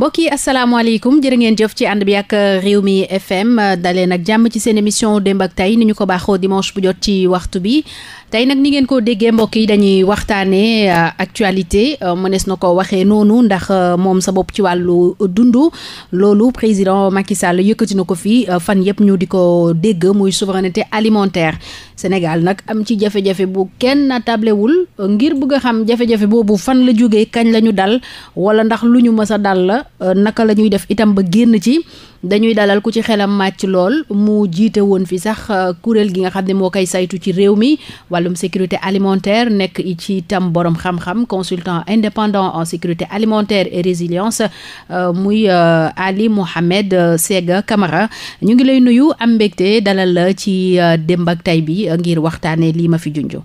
mbokk yi asalaamaaleykum jërë ngeen jëf ci ànd bi ak euh, réew mi FM euh, dalee nag jàmm ci seen émission démb ak tey ni ñu ko baaxoo dimanche bu jot ci waxtu bi tey nag ni ngeen ko déggee mbokk yi dañuy waxtaanee euh, actualité mënees na ko waxee noonu ndax moom sa bopp ci wàllu dundu loolu président Macky Sall yëkkati na ko fii fan yëpp ñu di ko dégg muy souveraineté alimentaire Sénégal nag am ci jafe-jafe bu kenn tablewul ngir bëgg xam jafe-jafe boobu fan la jógee kañ la ñu dal wala ndax lu ñu mës a dal la. Euh, naka la ñuy def itam ba génn ci dañuy dalal ku ci xelam màcc lool mu jiite woon fi sax euh, kuréel gi nga xam ne moo koy saytu ci réew mi wàllum sécurité alimentaire nekk ci itam boroom xam-xam consultant indépendant en sécurité alimentaire et résilience euh, muy Ali Mohamed Sega Camara ñu ngi lay nuyu am mbégte dalal la ci démb ak tay bi ngir waxtaane lii ma fi junjo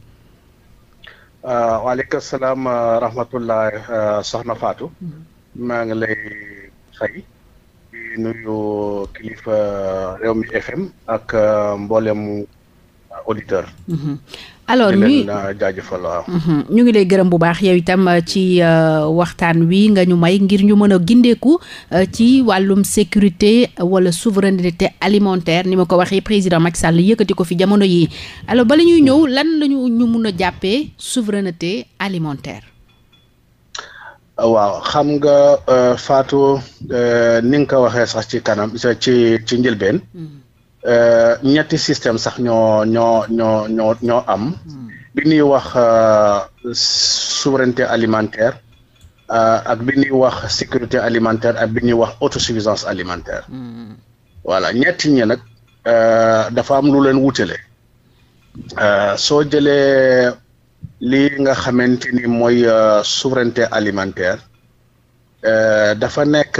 waaleykum salaam rahmatullah soxna Fatou mm-hmm. maa ngi lay fay di nuyu kilifa Rewmi FM ak euh, mboolem auditeur mhm. alors ñuy euh, jaajëfal waaw mhm. ñu ngi lay gërëm bu baax yow itam euh, ci waxtaan wi nga ñu may ngir ñu mën a gindeeku ci wàllum sécurité wala souveraineté alimentaire ni ma ko waxee président Macky Sall yëkkati ko fi jamono yii alors bala ñuy ñëw lan lañu ñu mun a jàppee souveraineté alimentaire waaw xam nga euh, Fatou euh, ni nga ko waxee sax ci kanam ci ci njëlbeen hmm. euh, ñetti système sax ñoo ñoo ñoo ñoo ñoo am hmm. bi ñuy wax souveraineté alimentaire ak bi wax sécurité alimentaire ak bi ñuy wax suffisance alimentaire hmm. voilà ñetti ñi nag dafa am lu leen wutale soo jëlee lii nga xamante ni mooy euh, souveraineté alimentaire euh, dafa nekk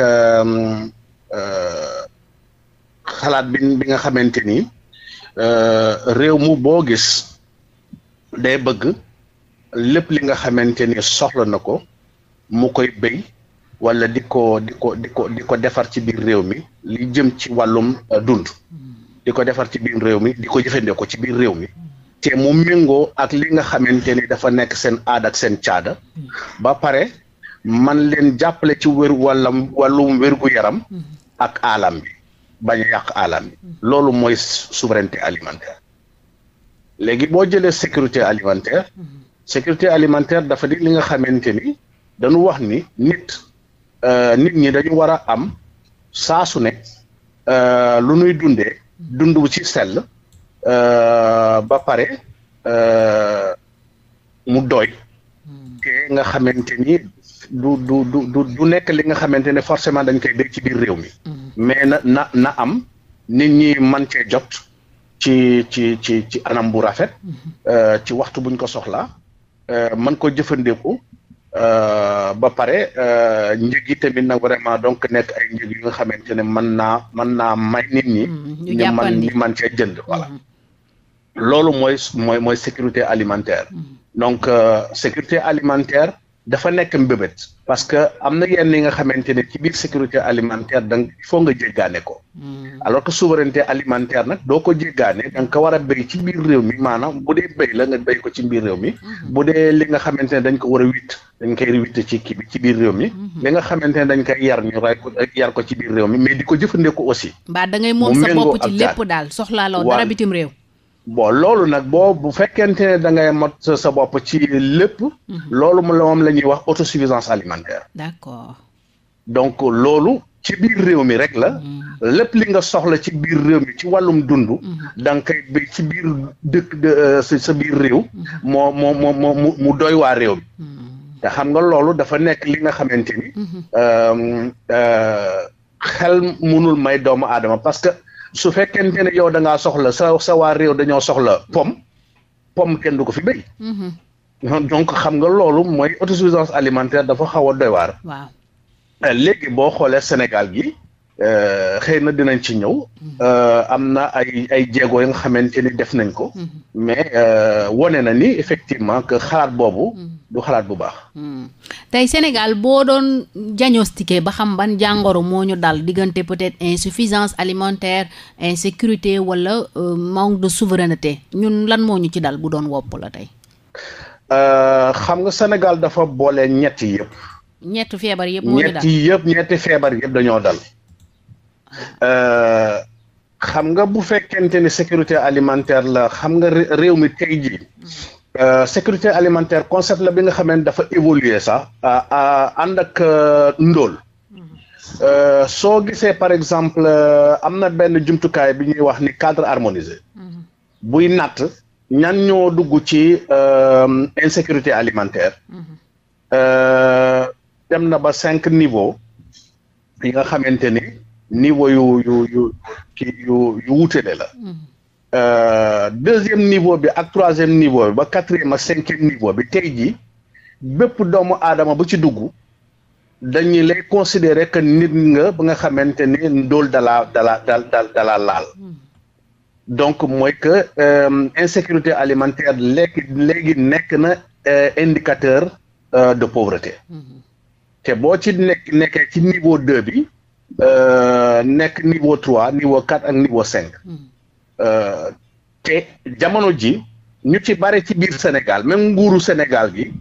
euh, xalaat bi nga xamante ni réew mu boo gis day bëgg lépp li nga xamante ni soxla na ko mu koy béy wala di ko di ko di ko di ko defar ci biir réew mi li jëm ci wàllum dund mm-hmm. di ko defar ci biir réew mi di ko jëfandikoo ci biir réew mi. ci mu méngoo ak li nga xamante ni dafa nekk seen aad ak seen caada ba pare man leen jàppale ci wér wàllam wàllum wér-gu-yaram ak alam bi bañ a yàq alam loolu mooy souveraineté alimentaire léegi boo jëlee sécurité alimentaire sécurité alimentaire dafa di li nga xamante ni dañu wax ni nit euh, nit ñi dañu war a am saa su ne euh, lu nuy dundee dund ci sell Euh, ba pare euh, mu doy. te hmm. nga xamante ni du du du du nekk li nga xamante ne forcément dañ koy dégg ci biir réew mi. Hmm. mais na na na am nit ñi man cee jot ci ci ci ci anam bu rafet. Hmm. Euh, ci waxtu buñ ko soxlaa man ko jëfandiku. Uh, ba pare uh, njëg yi tamit nag vraiment donc nekk ay njëg yu nga xamante ne mën naa mën naa may nit ñi. ñu man ni man cee jënd voilà. loolu mooy mooy mooy sécurité alimentaire mm-hmm. donc euh, sécurité alimentaire dafa nekk mbébét parce que am na yenn yi nga xamante ne ci biir sécurité alimentaire danga il nga jéggaane ko mm-hmm. alors que souveraineté alimentaire nag doo ko jéggaane da nga ko war a béy ci biir réew mi maanaam bu dee béy la nga béy ko ci biir réew mi mm-hmm. bu dee li nga xamante ne dañ ko war a witt dañ koy witt ci kii bi ci biir réew mi li nga xamante ne dañ koy yar ñu ray ko yar ko ci biir réew mi mais di ko jëfandikoo aussi mbaa da ngay moom sa bopp ci lépp daal soxlaaloo dara bitim réew bon loolu nag boo bu fekkente ne da ngay mot sa bopp ci lépp. Mhm. loolu moom la lañuy wax autosuffisance alimentaire. d'accord donc loolu ci biir réew mi rek la. Mhm. lépp li nga soxla ci biir réew mi ci wàllum dund. Mhm. da ci biir dëkk euh, sa biir réew. moo moo moo mu mu doy waa réew mi. te xam nga loolu dafa nekk li nga xamante ni. Euh, euh, xel mënul may doomu aadama parce que. su fekkente ne yow da ngaa soxla sa sawaar waa réew dañoo soxla pomme pomme kenn du ko fi béy. Mm-hmm. donc xam nga loolu mooy autosuffisance alimentaire dafa xaw a doy waar. waaw euh, léegi boo xoolee Sénégal gi euh, xëy na dinañ ci ñëw. Mm-hmm. Euh, am na ay ay jéego yi nga xamante ni def nañ ko. Mm-hmm. mais wone na ni effectivement que xalaat boobu. du xalaat bu baax. Hmm. tey Sénégal boo doon diagnostiqué ba xam ban jàngoro moo ñu dal diggante peut-être insuffisance alimentaire insécurité wala euh, manque de souveraineté ñun lan moo ñu ci dal bu doon wopp la tey. Euh, xam nga Sénégal dafa boole ñett yëpp. feebar yëpp moo ñu dal ñett yëpp ñetti feebar yëpp dañoo dal. Euh, xam nga bu fekkente ni sécurité alimentaire la xam nga réew mi tey jii. Hmm. Euh, sécurité alimentaire concept la bi nga xamante dafa évoluer sax ànd ak euh, ndóol mm-hmm. euh, soo gisee par exemple am na benn jumtukaay bi ñuy wax ni cadre harmonisé mm-hmm. buy natt ñan ñoo dugg ci insécurité alimentaire mm-hmm. dem na ba cinq niveau yi nga xamante ni niveau yu yu yu ki yu la Euh, deuxième niveau bi ak troisième niveau bi ba quatrième ak cinquième niveau bi tey jii bépp doomu aadama bu ci dugg dañu lay considérer que nit nga ba nga xamante ni ndóol dala dala dal laal donc mooy que euh, insécurité alimentaire léegi léegi nekk na euh, indicateur de pauvreté te boo ci nekk nekkee ci niveau deux bi nekk niveau trois niveau quatre ak niveau cinq te jamono ji ñu ci bare ci biir Sénégal même nguuru Sénégal gi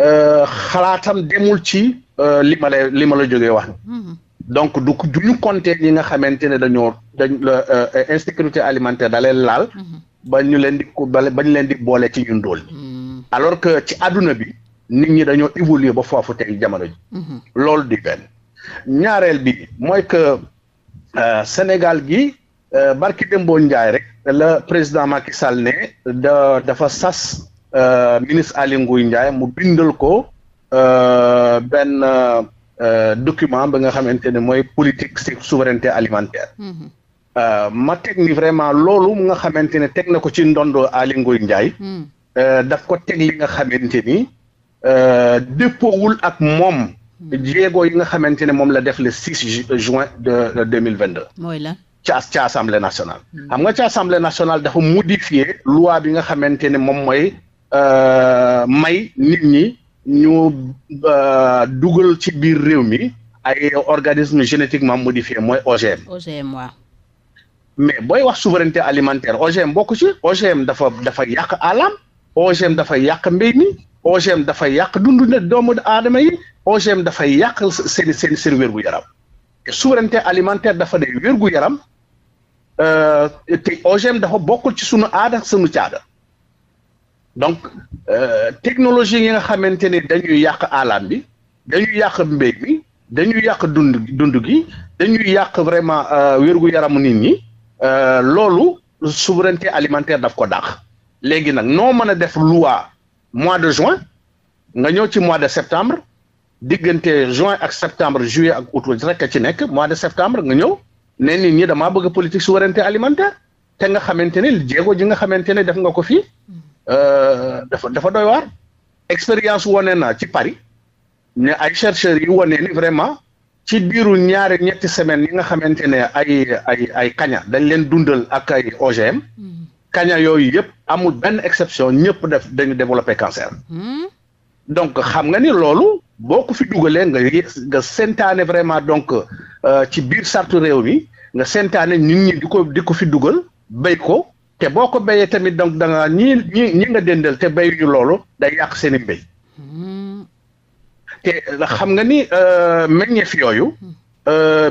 euh, xalaatam demul ci euh, li ma la li ma la jógee wax mm-hmm. donc du du ñu compter ñi nga xamante ne dañoo dañ euh, insécurité alimentaire da laal mm-hmm. ba ñu leen di ba ñu leen di boole ci ñun dool mm-hmm. alors que ci àdduna bi nit ñi dañoo évoluer ba foofu tey jamono ji loolu di benn ñaareel bi mooy que Sénégal gi Euh, barki Dembo Ndiaye rek la président Macky Sall ne da dafa sas euh, ministre Aly Ngouille Ndiaye mu bindal ko euh, benn document ba nga xamante ne mooy politique souveraineté alimentaire. Mhm. ma teg ni vraiment loolu nga xamante ne teg na ko ci ndondo Aly Ngouille Ndiaye. Mhm. daf ko teg li nga xamante ni déppoowul ak moom. Mhm. jéego yi nga xamante ne moom la def le 6 juin de deux mille 2022. mooy la ca ci assemblée nationale. Hmm. xam nga ci assemblée nationale dafa modifier loi bi nga xamante ne moom mooy euh, may nit ñi ñu euh, dugal ci biir réew mi ay organisme génétiquement modifie mooy OGM. OGM waaw. mais booy wax souveraineté alimentaire OGM bokku ci OGM dafa dafa yàq alam OGM dafa yàq mbéy mi OGM dafa yàq dundu ne doomu aadama yi OGM dafa yàq seen seen seen wér gu yaram souveraineté alimentaire dafa de wér gu yaram Euh, te OGM dafa bokkul ci sunu aada ak sunu caada donc euh, technologie yi nga xamante ne dañuy yàq alam bi dañuy yàq mbéy mi dañuy yàq dund dund gi dañuy yàq vraiment euh, wér-gu-yaramu nit ñi loolu souveraineté alimentaire daf ko dàq léegi nag noo mën a def loi mois de juin nga ñëw ci mois de septembre diggante juin ak septembre juillet ak août rek a ci nekk mois de septembre nga ñëw ne nit ñi damaa bëgg politique souveraineté alimentaire te nga xamante ni jéego ji nga xamante ne def nga ko fii euh, dafa dafa doy waar expérience wone na ci Paris ne ay chercheurs yi wone ni vraiment ci biiru ñaari ñetti semaines yi nga xamante ne ay ay ay kaña dañ leen dundal ak ay OGM kaña yooyu yëpp amul benn exception ñëpp def dañu développé cancer hmm. donc xam nga ni loolu boo ko fi dugalee nga nga sentaane vraiment donc euh, ci biir sartu réew mi nga sentaane ñu ñi di ko di ko fi dugal bay ko te boo ko bayee tamit donc danga ñi ñi ñi nga dendal te ñu loolu day yàq seen i mbéy te xam nga ni euh, meññeef yooyu euh,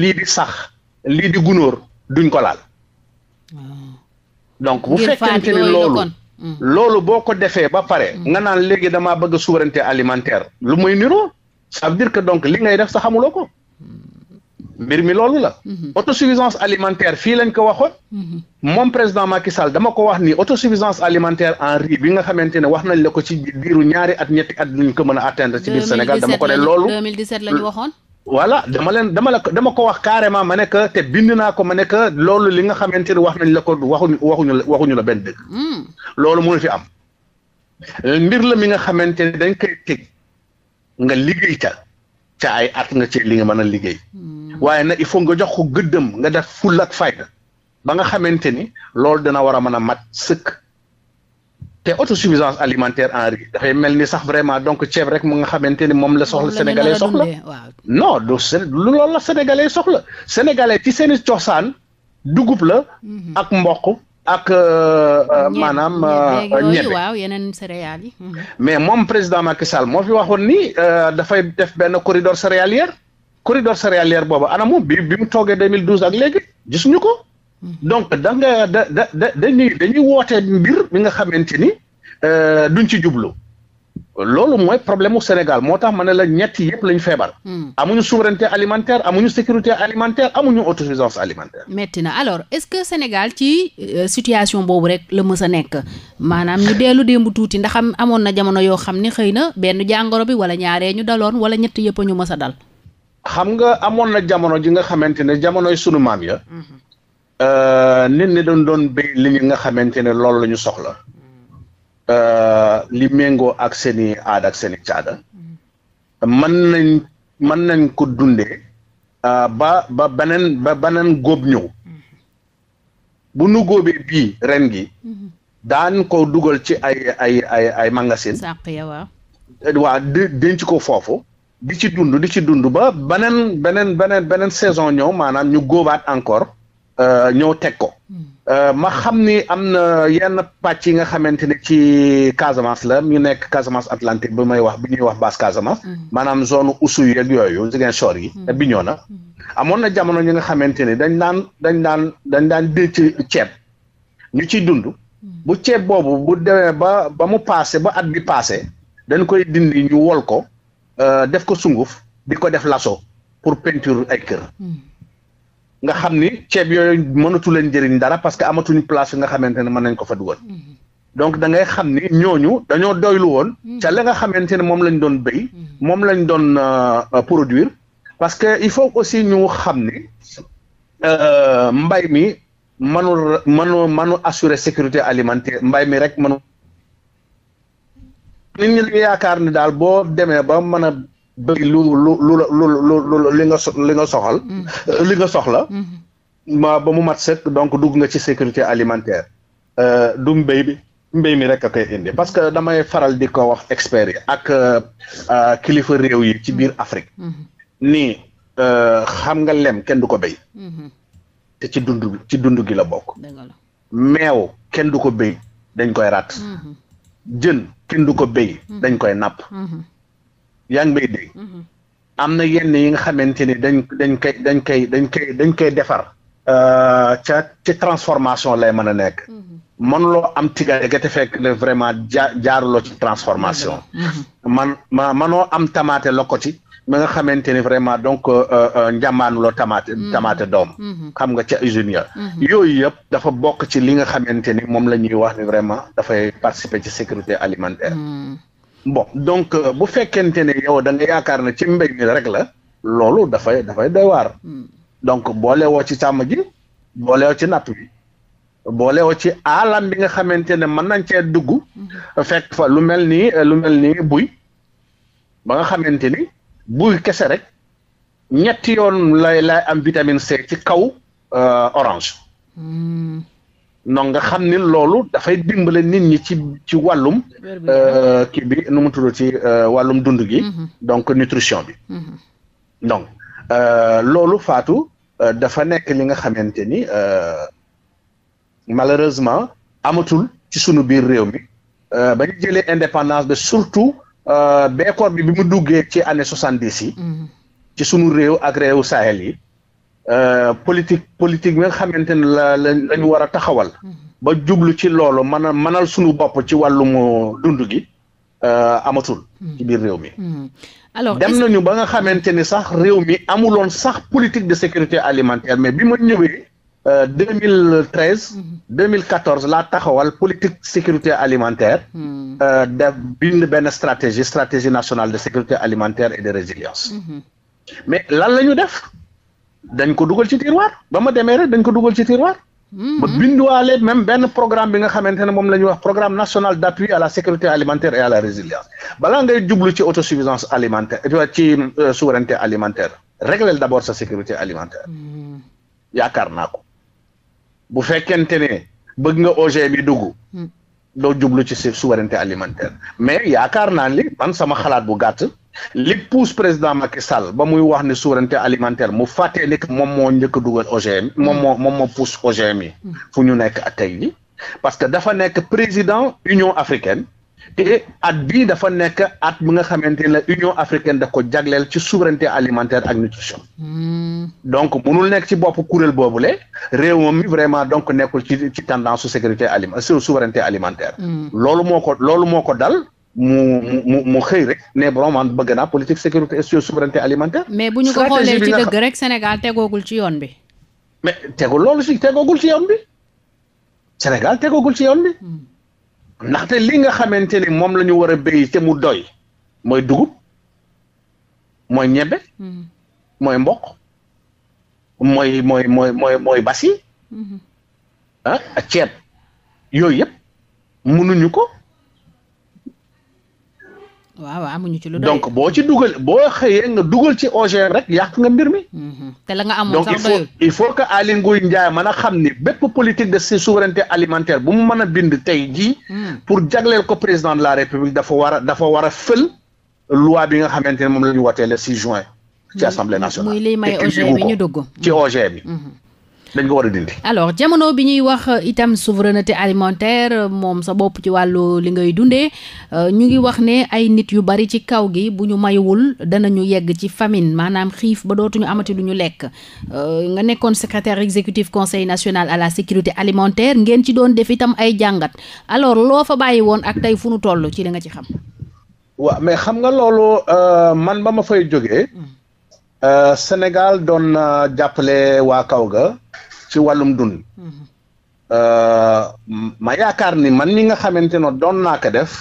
lii di sax lii di gunóor duñ ko laal donc bu fekkente ni loolu mm. loolu boo ko defee ba pare mm. nga naan léegi damaa bëgg souveraineté alimentaire lu muy niroo ça veut dire que donc li ngay def sa xamuloo ko mm. mbir mi loolu la. Mhm. autosuffisance alimentaire fii lañ ko waxoon. Mhm. moom président Macky Sall dama ko wax ni auto autosuffisance alimentaire en riz bi nga xamante ne wax nañ la ko ci biiru ñaari at ñetti at nañ ko mën a atteindre. ci biir Sénégal dama ko ne loolu 2017 la ñu waxoon. voilà dama leen dama la dama ko wax carrément ma ne te bind naa ko ma ne que loolu li nga xamante ne wax nañ la ko waxuñu waxuñu la waxuñu la benn dëgg. Hmm. loolu mënu fi am. mbir la mi nga xamante ne dañ koy teg nga liggéey ca ca ay at nga ci li nga mën a liggéey. Hmm. waaye nag il faut nga jox ko gëddëm nga def full ak fayda ba nga xamante ni loolu dina war a mën a mat sëkk te autosuffisance alimentaire en riz dafay mel ni sax vraiment donc ceeb rek mu nga xamante ni moom la soxla sénégalais soxla non du loolu la sénégalais soxla sénégalais ci seeni cosaan dugub la mhm. ak mboq ak euh, euh, maanaam ñebe euh, waaw yeneen céréales yi mais moom président Macky Sall moo fi waxoon ni dafay def benn corridor céréalière corridor céréalière booba ana moom bi bi mu toogee 2012 ak léegi gisuñu ko donc da nga da da da dañuy wootee mbir mi nga xamante ni euh, duñ ci jublu loolu mooy problème mu Sénégal moo tax ma ne la ñetti yëpp lañ feebar. Hmm. amuñu souveraineté alimentaire amuñu sécurité alimentaire amuñu autosuffisance alimentaire. metti na alors est-ce que Sénégal ci euh, situation boobu rek la mës a nekk maanaam ñu dellu démb tuuti ndaxam amoon na jamono yoo xam ni xëy na benn jàngoro bi wala ñaaree ñu daloon wala ñett yëpp ñu mës a dal. xam nga amoon na jamono ji nga xamante ne jamonoy sunu maam ya mhm. euh, nit ñi doon doon béy li ñu nga xamante ne loolu la soxla mhm. euh, li méngoo ak seeni i aada ak seen caada mën nañ mën nañ ko dundee euh, ba ba beneen ba beneen góob ñëw mhm. bu nu góobee bii ren gi daan ko dugal ci ay ay ay ay magasin waaw denc ko foofu di ci dund di ci dund ba beneen beneen beneen beneen saison ñëw maanaam ñu góobaat encore euh, ñëw teg ko hmm. euh, ma xam ni am na yenn pàcc yi nga xamante ne ci Casamance la ñu nekk Casamance Atlantique bi may wax bi ñuy wax basse Casamance hmm. maanaam zone usu yeeg yooyu Ziguinchor yi bi ñoo na amoon na jamono ñi nga xamante ne dañ daan dañ daan dañ daan denc ceeb ñu ciy dund hmm. bu ceeb boobu bu demee ba ba mu paase ba at bi paase dañ koy dindi ñu wol ko Euh, def ko sunguf di ko def laso pour peinture ay kër hmm. nga xam ni ceeb yooyu mënatu leen jëriñ dara parce que amatuñ place nga xamante ne mën nañ ko fa dugal hmm. donc da ngay xam ni ñooñu dañoo doylu woon hmm. ca la nga xamante ne moom lañ doon béy moom lañ doon euh, produire parce que il faut aussi ñu xam ni euh, mbay mi mënul mënu mënu assurer sécurité alimentaire mbay mi rek mënu nit ñi dañuy yaakaar ni daal boo demee ba mën a bëgg lu lu lu lu li nga so li nga soxal. Mm. Euh, li nga soxla. Mm-hmm. ma ba mu mat sëkk donc dugg nga ci sécurité alimentaire. Euh, du mbéy bi mbéy mi rek a koy indi parce que damay faral di ko wax experts yi ak euh, kilifa réew yi ci biir Afrique. Mm-hmm. nii xam nga lem kenn du ko béy. Mm-hmm. te ci dund ci dund gi la bokk. meew kenn du ko béy dañ koy ratt. jën kenn du ko béy mm-hmm. dañ koy napp mm-hmm. yaa ngi may dégg mm-hmm. am na yenn yi nga xamante ni dañ dañ koy dañ koy dañ koy dañ koy defar euh, ci transformation lay mën a nekk mënuloo am tigaade ga fekk ne vraiment jaaruloo ci transformation man am tamaate lokoti ma nga xamante ni vraiment donc euh, euh, euh, njàmbaanu la tamaate mhm. tamaate doom mhm. xam nga ca usine ya mhm. yooyu yëpp dafa bokk ci li nga xamante ni moom la ñuy wax ni vraiment dafay participer ci sécurité alimentaire bo donc bu fekkente ne yow danga nga yaakaar ne ci mbéy mi rek la loolu dafay dafay doy waar donc boole woo ci càmm ji boole ci napp bi boole ci alam bi nga xamante ne mën nañ cee dugg fekk fa lu mel ni lu mel ni buy ba nga xamante ni buy kese rek ñetti yoon lay lay am vitamine C ci kaw euh, orange donc hmm. nga xam ni loolu dafay dimbale nit ñi ci ci wàllum euh, kii bi nu mu ci euh, wàllum dund gi hmm. donc nutrition bi hmm. donc loolu Fatou dafa nekk li nga xamante ni malheureusement amatul ci sunu biir réew mi ba ñu jëlee indépendance bi surtout Euh, bekkoor bi bi mu duggee ci année soixante dix yi. Mm-hmm. ci sunu réew ak réewu Sahel yi. Euh, politique politique bi nga xamante ne la la ñu war a taxawal. Mm-hmm. ba jublu ci loolu mën mënal sunu bopp ci wàllum dund gi. Euh, amatul. Mm-hmm. ci biir réew mi. alors dem nañu ba nga xamante ni sax réew mi amuloon sax politique de sécurité alimentaire mais bi ma ñëwee. Euh, deux mille treize mm-hmm. deux mille quatorze la taxawal politique sécurité alimentaire mm-hmm. euh, def bind benn stratégie stratégie nationale de sécurité alimentaire et de résilience mm-hmm. mais lan la ñu def dañ ko dugal ci tiroir ba ma demee rek dañ ko dugal ci tiroir ba binduwaale même benn programme bi nga xamante ne moom la ñuy wax programme national d' à la sécurité alimentaire et à la résilience balaa ngay jublu ci autosuffisance alimentaire euh, ci souveraineté alimentaire réglel d' sa sécurité alimentaire yaakaar naa ko bu fekkente ne bëgg nga OG bi dugg. Hmm. doo jublu ci souveraineté alimentaire mais yaakaar naa li man sama xalaat bu gàtt li pousse président Macky Sall ba muy wax ne souveraineté alimentaire mu fàttee ni que moom moo njëkk a dugal OGM hmm. moom moo moom moo pousse OGM yi hmm. fu ñu nekk ak tey ji parce que dafa nekk président Union africaine te at bii dafa nekk at bi nga xamante ne Union africaine da ko jagleel ci souveraineté alimentaire ak nutrition hmm. donc munul nekk ci bopp kuréel boobule réew moom mi vraiment donc nekkul ci ci tendance su sécurité alimentaire su hmm. alimentaire loolu moo ko loolu moo ko dal mu xëy rek ne borom man bëgg naa politique sécurité et souveraineté mais bu ñu ko xoolee ci dëgg rek Sénégal tegoogul ci yoon bi mais tegu loolu si tegoogul ci yoon bi Sénégal tegoogul ci yoon bi hmm. ndaxte li nga xamante ni moom la ñu war a béy te mu doy mooy dugub mooy ñebe mm-hmm. mooy mboq mooy mooy mooy mooy mooy basi mm-hmm. ah ak ceeb yooyu yëpp mënuñu ko waaw amuñu ci lu donc boo ci dugal boo xëyee nga dugal ci OGM rek yàq nga mbir mi. Mm-hmm. te nga amoon sax donc il faut il faut que Aly Ngouille man a xam ni bépp politique de souveraineté alimentaire bu mu mën a bind tey jii. Mm. pour jagleel ko président de la république dafa war a war a fël loi bi nga xamante ne moom la ñu wootee le 6 juin. ci mm. assemblée nationale muy liy may OGM bi ñu dugg ci OGM bi. Mm-hmm. dañ ko war a dindi. alors jamono bi ñuy wax euh, itam souveraineté alimentaire euh, moom sa bopp ci wàllu li ngay dundee euh, ñu ngi wax ne ay nit yu bari ci kaw gi bu ñu mayuwul danañu yegg ci famine maanaam xiif ba dootuñu amati lu ñu lekk nga nekkoon secrétaire exécutif conseil national à la sécurité alimentaire ngeen ci doon def itam ay jàngat alors loo fa bàyyi woon ak tey fu nu toll ci li nga ci xam. waaw mais xam nga loolu man ba ma fay jógee. Hmm. Sénégal doon jàppale waa kaw ga. ci wàllum dund. Euh, ma yaakaar ni man mi nga xamante ne doon naa ko def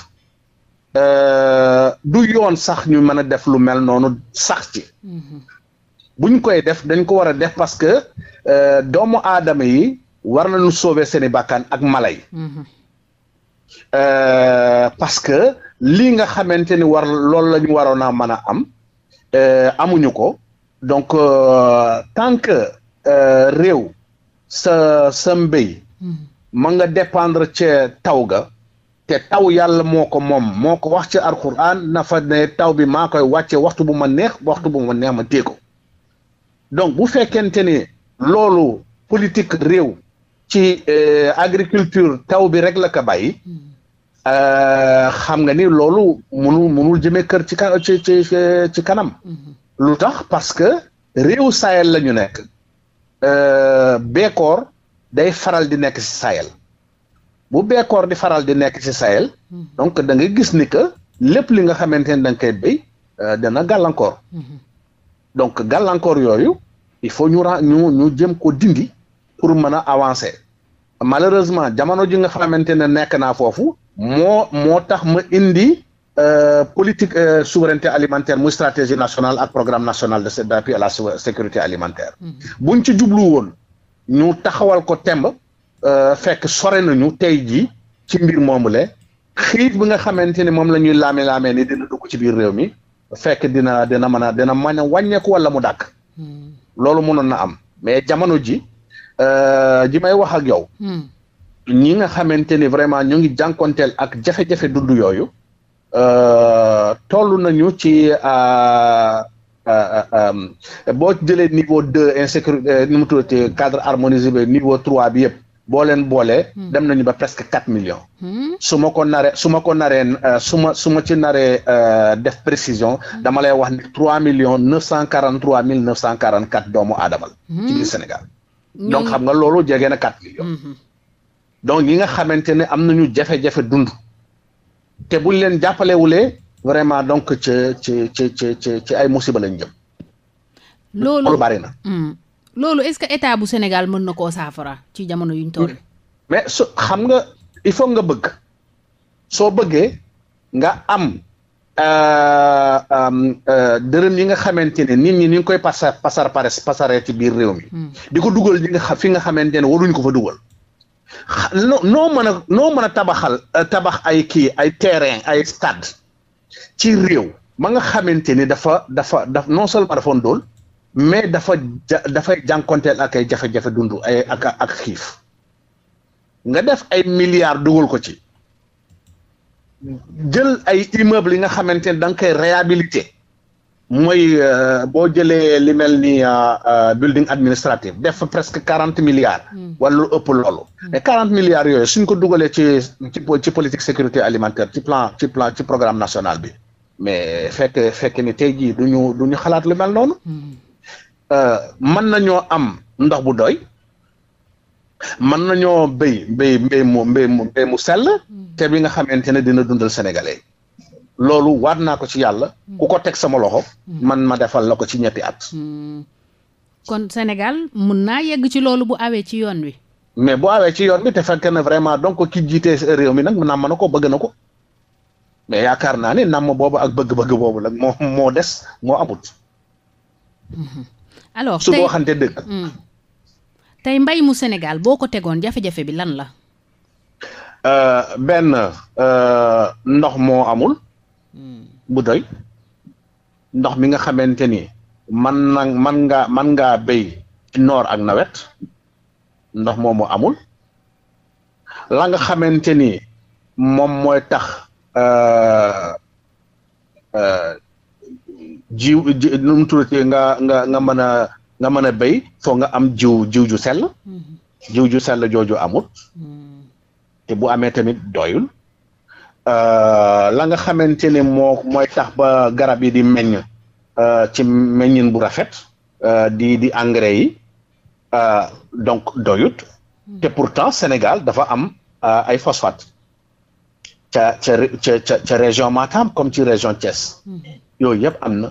euh, du yoon sax ñu mën a def lu mel noonu sax ci. buñ koy def dañ ko war a def parce que euh, doomu aadama yi war nañu sauver seeni bakkan ak mala yi. parce que lii nga xamante ni war loolu la ñu waroon a mën a am amuñu ko donc tant que réew. sa sa mbéy hmm. ma nga dépendre ca taw ga te taw yàlla moo ko moom moo ko wax ci alquran na fa ne taw bi maa koy wàcce waxtu bu ma neex waxtu bu ma neex ma téye ko donc bu fekkente ni loolu politique réew ci euh, agriculture taw bi rek la ko bàyyi hmm. euh, xam nga ni loolu munul munul jëme kër ci ci ci ci kanam hmm. lu tax parce que réew Sahel la ñu nekk Euh, bekoor day faral di nekk ci Sahel bu bekkoor di faral di nekk ci Sahel mhm. donc da nga gis ni que lépp li nga xamante ne da nga koy béy euh, dana gàllankoor mhm. donc gàllankoor yooyu il faut ñu ra ñu ñu jëm ko dindi pour mën a avancer malheureusement jamono ji nga xamante ne nekk naa foofu moo moo tax ma indi Euh, politique euh, souveraineté alimentaire muy stratégie nationale ak programme national de d'appui à la sécurité alimentaire hmm. buñ ci jublu ñu taxawal ko temb euh, fekk sore ñu tey jii ci mbir moomule xiit bi nga xamante ni moom la ñuy laame-laamee ni dina dugg ci biir réew mi fekk dina dina mën a dina mën a wàññeeku wala mu dakk hmm. loolu mënoon na am mais jamono ji ji may wax ak yow hmm. ñi nga xamante ni vraiment ñu ngi jànkonteel ak jafe-jafe dund yooyu Euh, toll nañu ci a euh, euh, boo jëlee niveau deux insécurité nu mu tuddati cadre harmonisé bi niveau trois bi yëpp boo leen boolee hmm. dem nañu ba presque quatre millions hmm. su ma ko naree su ma ko naree su ma su ma ci naree def précision hmm. dama lay wax ni trois millions neuf cent quarante trois mille neuf cent quarante quatre doomu aadamal ci Sénégal donc xam nga loolu jege na quatre millions donc ñi nga xamante ne am nañu jafe-jafe dund te buñ leen jàppalewulee vraiment donc ci ci ci ci ci ay musiba lañ jëm. loolu bari na. Mm. loolu est-ce que état bu Sénégal mën na koo saafara ci jamono yuñ toll. mais su xam nga il faut nga bëgg soo bëggee nga am euh, euh, euh, dërëm yi nga xamante ne nit ñi ni ngi koy pasar pasar pare pasaree ci biir réew mi. Mm. di ko dugal ñi nga fi nga xamante ne waruñ ko fa dugal. no noo mën a noo mën a tabaxal euh, tabax ay kii ay terrain ay stade ci réew ma nga xamante ni dafa dafa daf non seulement dafa ndóol mais dafa ja dafay jànkonteel ak ay jafe-jafe dund ay ak ak xiif nga def ay milliards dugal ko ci jël ay immeuble yi nga xamante ni da nga koy réhabilité mooy euh, boo jëlee li mel ni euh, euh, building administrative def presque quarante milliards. Hmm. wala lu ëpp loolu. Hmm. mais quarante milliards yooyu suñ ko dugalee ci ci ci politique sécurité alimentaire ci plan ci plan ci programme national bi mais fekk fekk ni tey jii du ñu du ñu xalaat lu mel noonu. Hmm. mën nañoo am ndox bu doy. mën nañoo béy béy mbéy mu mbéy mu mu sell. te bi nga xamante ne dina dundal sénégalais. loolu waat naa ko ci yàlla. ku ko teg sama loxo. Hmm. man ma defal la ko ci ñetti at. Hmm. kon Sénégal mun naa yegg ci loolu bu awee ci yoon wi. mais boo awee ci yoon bi te fekkee ne vraiment donc ki jiite réew mi nag nàmm na ko bëgg na ko mais yaakaar naa ne nàmm boobu ak bëgg-bëgg boobu nag moo moo des moo amut. Hmm. alors su boo xante dëgg. tey mbay mu Sénégal boo ko tegoon jafe-jafe bi lan la. Euh, benn euh, ndox moo amul. bu doy ndox mi nga xamante ni man na man nga man ngaa béy noor ak nawet ndox moomu amul la nga xamante ni moom mooy tax euh, euh, jiw nu mu tuddati nga nga nga mën a nga mën a béy foo nga am jiw jiw ju sell mm-hmm. jiw ju sell jooju amul mm-hmm. te bu amee tamit doyul Euh, langa nga xamante ne moo mooy tax ba garab yii di meññ euh, ci meññin bu rafet euh, di di engrais yi donc doyut hmm. te pourtant Sénégal dafa am ay phosphate ca ca ca ca région Matam comme ci région Thiès hmm. yooyu yëpp am na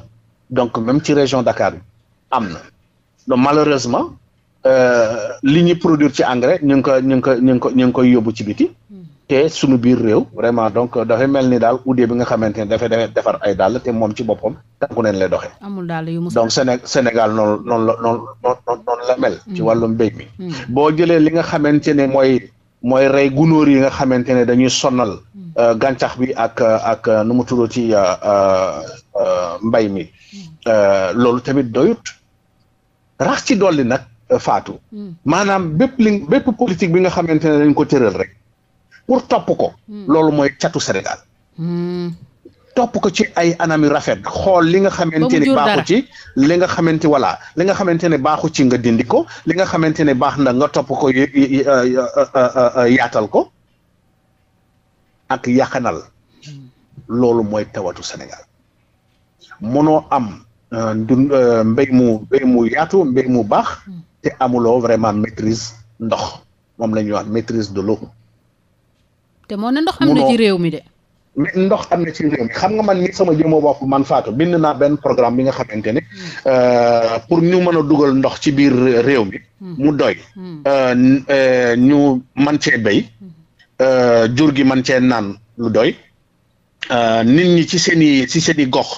donc même ci région Dakar bi am na donc malheureusement li ñu produire ci engrais ñu ngi ko ñu ngi ko ñu ko ñu ngi koy yóbbu ci biti te suñu biir réew vraiment donc dafay mel ni daal ude bi nga xamante ne dafay defar ay dàll te moom ci boppam tànku neen lay doxee. amul dàll yu mus donc Séné Sénégal noonu noonu la noonu noonu la mel. ci mm. wàllum mbéy mi. Mm. boo jëlee li nga xamante ne mooy mooy rey gunóor yi nga xamante ne dañuy sonal mm. euh, gàncax bi ak ak nu mu tuddoo ci euh, euh, mbay mi loolu tamit doyut rax ci dolli nag faatu. maanaam bépp li bépp politique bi nga xamante ne dañ ko tëral rek. pour topp ko. Hmm. loolu mooy catu Sénégal. Hmm. topp ko ci ay anam yu rafet xool li nga xamante ni baaxu ci li nga xamante voilà li nga xamante ne baaxu ci nga dindi ko li nga xamante ne baax na nga topp ko euh, euh, euh, yaatal ko ak yàqanal loolu mooy tawatu Sénégal mënoo am du mbéy mu mbéy mu yaatu mu baax hmm. te amuloo vraiment maîtrise ndox moom la ñuy wax maîtrise de l'eau te moo ne ndox am na ci réew mi am na ci xam nga man mi sama jëmoo bopp man Fatou bind naa benn programme bi nga xamante ne hmm. euh, pour ñu mën a dugal ndox ci biir réew mi. Hmm. mu doy. Hmm. Euh, euh, ñu man cee béy jur gi man cee naan lu doy nit ñi ci seeni ci seen gox.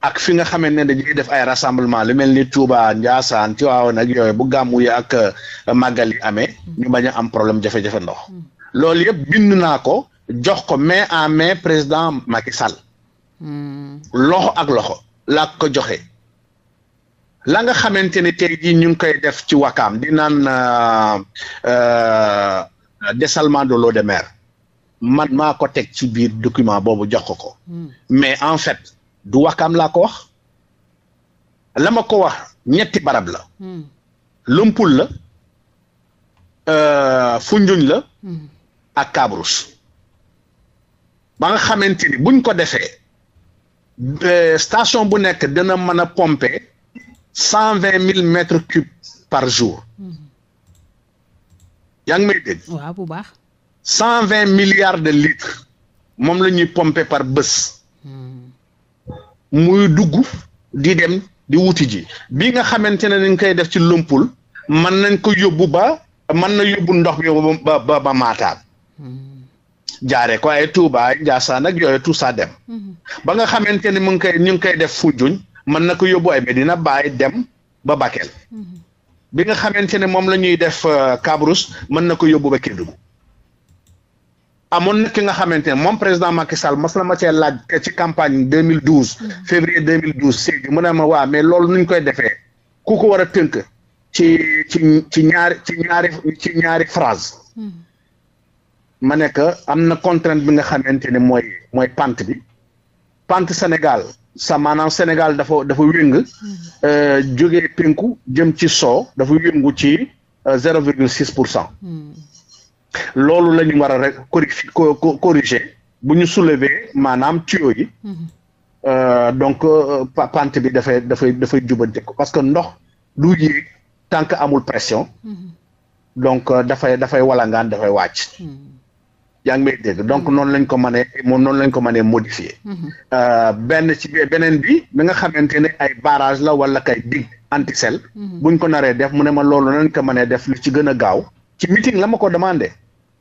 ak fi nga xamee ne dañuy def ay rassemblement lu mel ni Touba Ndiassane waaw nag yooyu bu gàmmu yi ak màggal yi amee ñu bañ a am problème jafe-jafe ndox. loolu yëpp bind naa ko jox ko mais en mais président Macky Sall. loxo ak loxo laa ko joxe. la nga xamante ne tey jii ñu ngi koy def ci wakaam di naan euh, euh, dessalement de l'eau de maire man maa ko teg ci biir document boobu jox ko ko. mais en fait du wakaam laa ko wax. la ma ko wax ñetti barab la. Hmm. Lumpul la. Euh, Foundiougne la. Hmm. a Kabrousse ba nga xamante ni buñ ko defee euh, station bu nekk dana mën a pomper cent vingt mille mètres cubes par jour mhm. yaa may dégg. waaw bu baax. cent vingt milliards de litres moom la ñuy pomper par bës hmm. muy dugg di dem di wuti ji bi nga xamante ne dañ koy def ci lumpul mën nañ ko yóbbu ba mën na yóbbu ndox mi ba ba ba Mm-hmm. jaare ko ay Touba saa nag yooy tout saa dem. Mm-hmm. ba nga xamante ni mu ngi koy ñu ngi koy def Foundiougne mën na ko yóbbu ay Medina Baye dem ba Bakel. Mm-hmm. bi nga xamante ne moom la ñuy def Kabrousse euh, mën na ko yóbbu ba Kédougou. amoon na ki nga xamante ne moom président Macky Sall mas na cee laaj ci campagne deux mille douze. février deux mille douze Sédhiou mu ne ma waa mais loolu nuñ koy defee ku ko war a tënk ci ci ci ñaari ci ñaari ci ñaari phrase. ma ne am na contrainte bi nga xamante ne mooy mooy pant bi pant Sénégal sa maanaam Sénégal dafa dafa wéng mm-hmm. euh, jógee pénku jëm ci soo dafa wéngu ci euh, zéro virgule six pour cent mm-hmm. loolu lañu ñu war a rek corriger bu ñu soulever maanaam tuyau yi mm-hmm. euh, donc pante bi dafay dafay dafay jubante ko parce que ndox du yéeg tant que amul pression donc dafay dafay walangaan dafay wàcc yaa ngi may dégg donc mm-hmm. noonu lañ ko mënee moom noonu lañ ko mënee modifié mm-hmm. euh, benn ci beneen bi bi nga xamante ne ay barrage la wala kay dig antisel mm-hmm. buñ ko naree def mu ne ma loolu nañ ko mënee def lu ci gën a gaaw ci meeting la ma ko demandé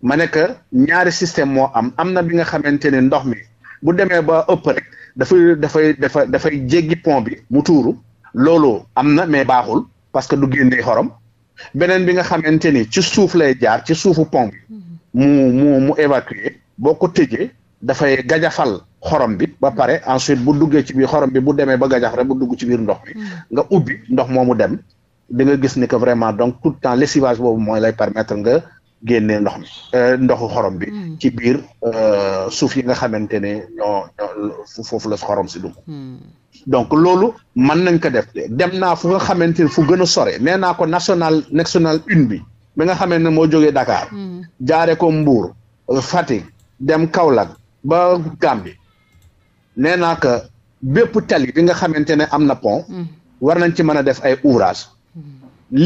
ma ne que ñaari système moo am am na bi nga xamante ne ndox mi bu demee ba ëpp rek dafay dafay dafa dafay jéggi pont bi mu tuuru loolu am na mais baaxul parce que du génnee xorom beneen bi nga xamante ni ci suuf lay jaar ci suufu pont bi mu mu mu évacuer boo ko tëjee dafay gajafal xorom bi ba pare ensuite bu duggee ci biir xorom bi bu demee ba gajaf rek bu dugg ci biir ndox mi hmm. nga ubbi ndox moomu dem di nga gis ni que vraiment donc tout le temps lessivage boobu mooy lay permettre nga génne ndox mi euh, ndoxu xorom bi hmm. ci biir euh, suuf yi nga xamante ne ñoo ñoo foofu la xorom si dugg hmm. donc loolu mën nañ ko def dem naa fu nga xamante ne fu gën a sore nee naa ko national national une bi mi nga xamee ne moo jógee Dakar. Mm. jaare ko mbuur Fatick dem Kaolack ba Gambie nee naa que bépp tali bi nga xamante ne am na pont. Mm. war nañ ci mën a def ay ouvrage mm.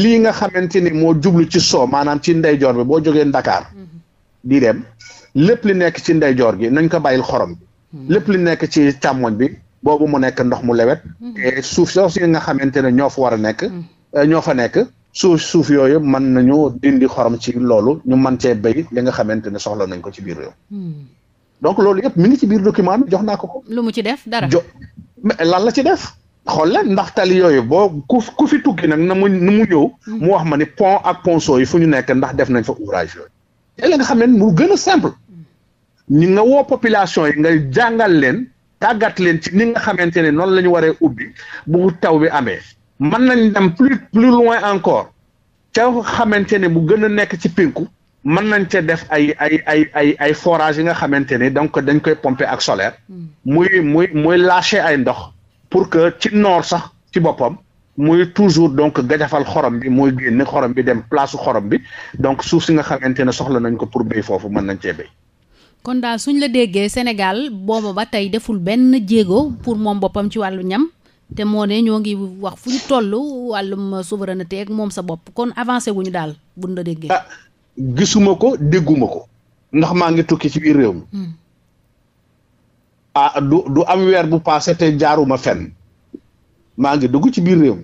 lii nga xamante ni moo jublu ci soow maanaam ci ndeyjoor bi boo jógee Dakar di dem lépp li nekk ci ndeyjoor gi nañ ko bàyyil xorom bi lépp li nekk ci càmmoñ bi boobu mu nekk ndox mu lewet te suuf soosu nga xamante ne ñoo fa war a nekk eh, ñoo fa nekk suuf suuf yooyu mën nañu dindi xorom ci loolu ñu man cee béy li nga xamante ne soxla nañ ko ci biir réew. Hmm. donc loolu yëpp mi ngi ci biir document bi jox naa ko ko. lu mu ci def dara jo lan la ci def. xool leen ndax tali yooyu boo ku ku fi tukki nag na mu na mu ñëw. mu hmm. wax ma ni pont ak ponceau yi fu ñu nekk ndax def nañ fa ouvrage yooyu. yéen nga xam ne mu gën a simple. ñi nga woo population yi nga jàngal leen tàggat leen ci ni nga xamante ne noonu la ñu waree ubbi bu taw bi amee. mën nañ dem plus plus loin encore ca xamante ne mu gën a nekk ci pénku mën nañ ca def ay ay ay ay ay forage yi nga xamante ne donc dañ koy pomper ak solaire hmm. muy muy muy lâcher ay ndox pour que ci noor sax ci boppam muy toujours donc gajafal xorom bi muy génne xorom bi dem place xorom bi donc suuf si nga xamante ne soxla nañ ko pour béy foofu mën nañ cee béy. kon daal suñ la déggee Sénégal booba ba tey deful benn jéego pour moom boppam ci wàllu ñam. te moo ne ñoo ngi wax fu ñu toll wàllum souveraineté ak moom sa bopp kon avancé wuñu daal buñ la déggee. ah gisuma ko dégguma ko ndax maa ngi tukki ci biir réew mi. Hmm. ah du du am weer bu dugg ci biir réew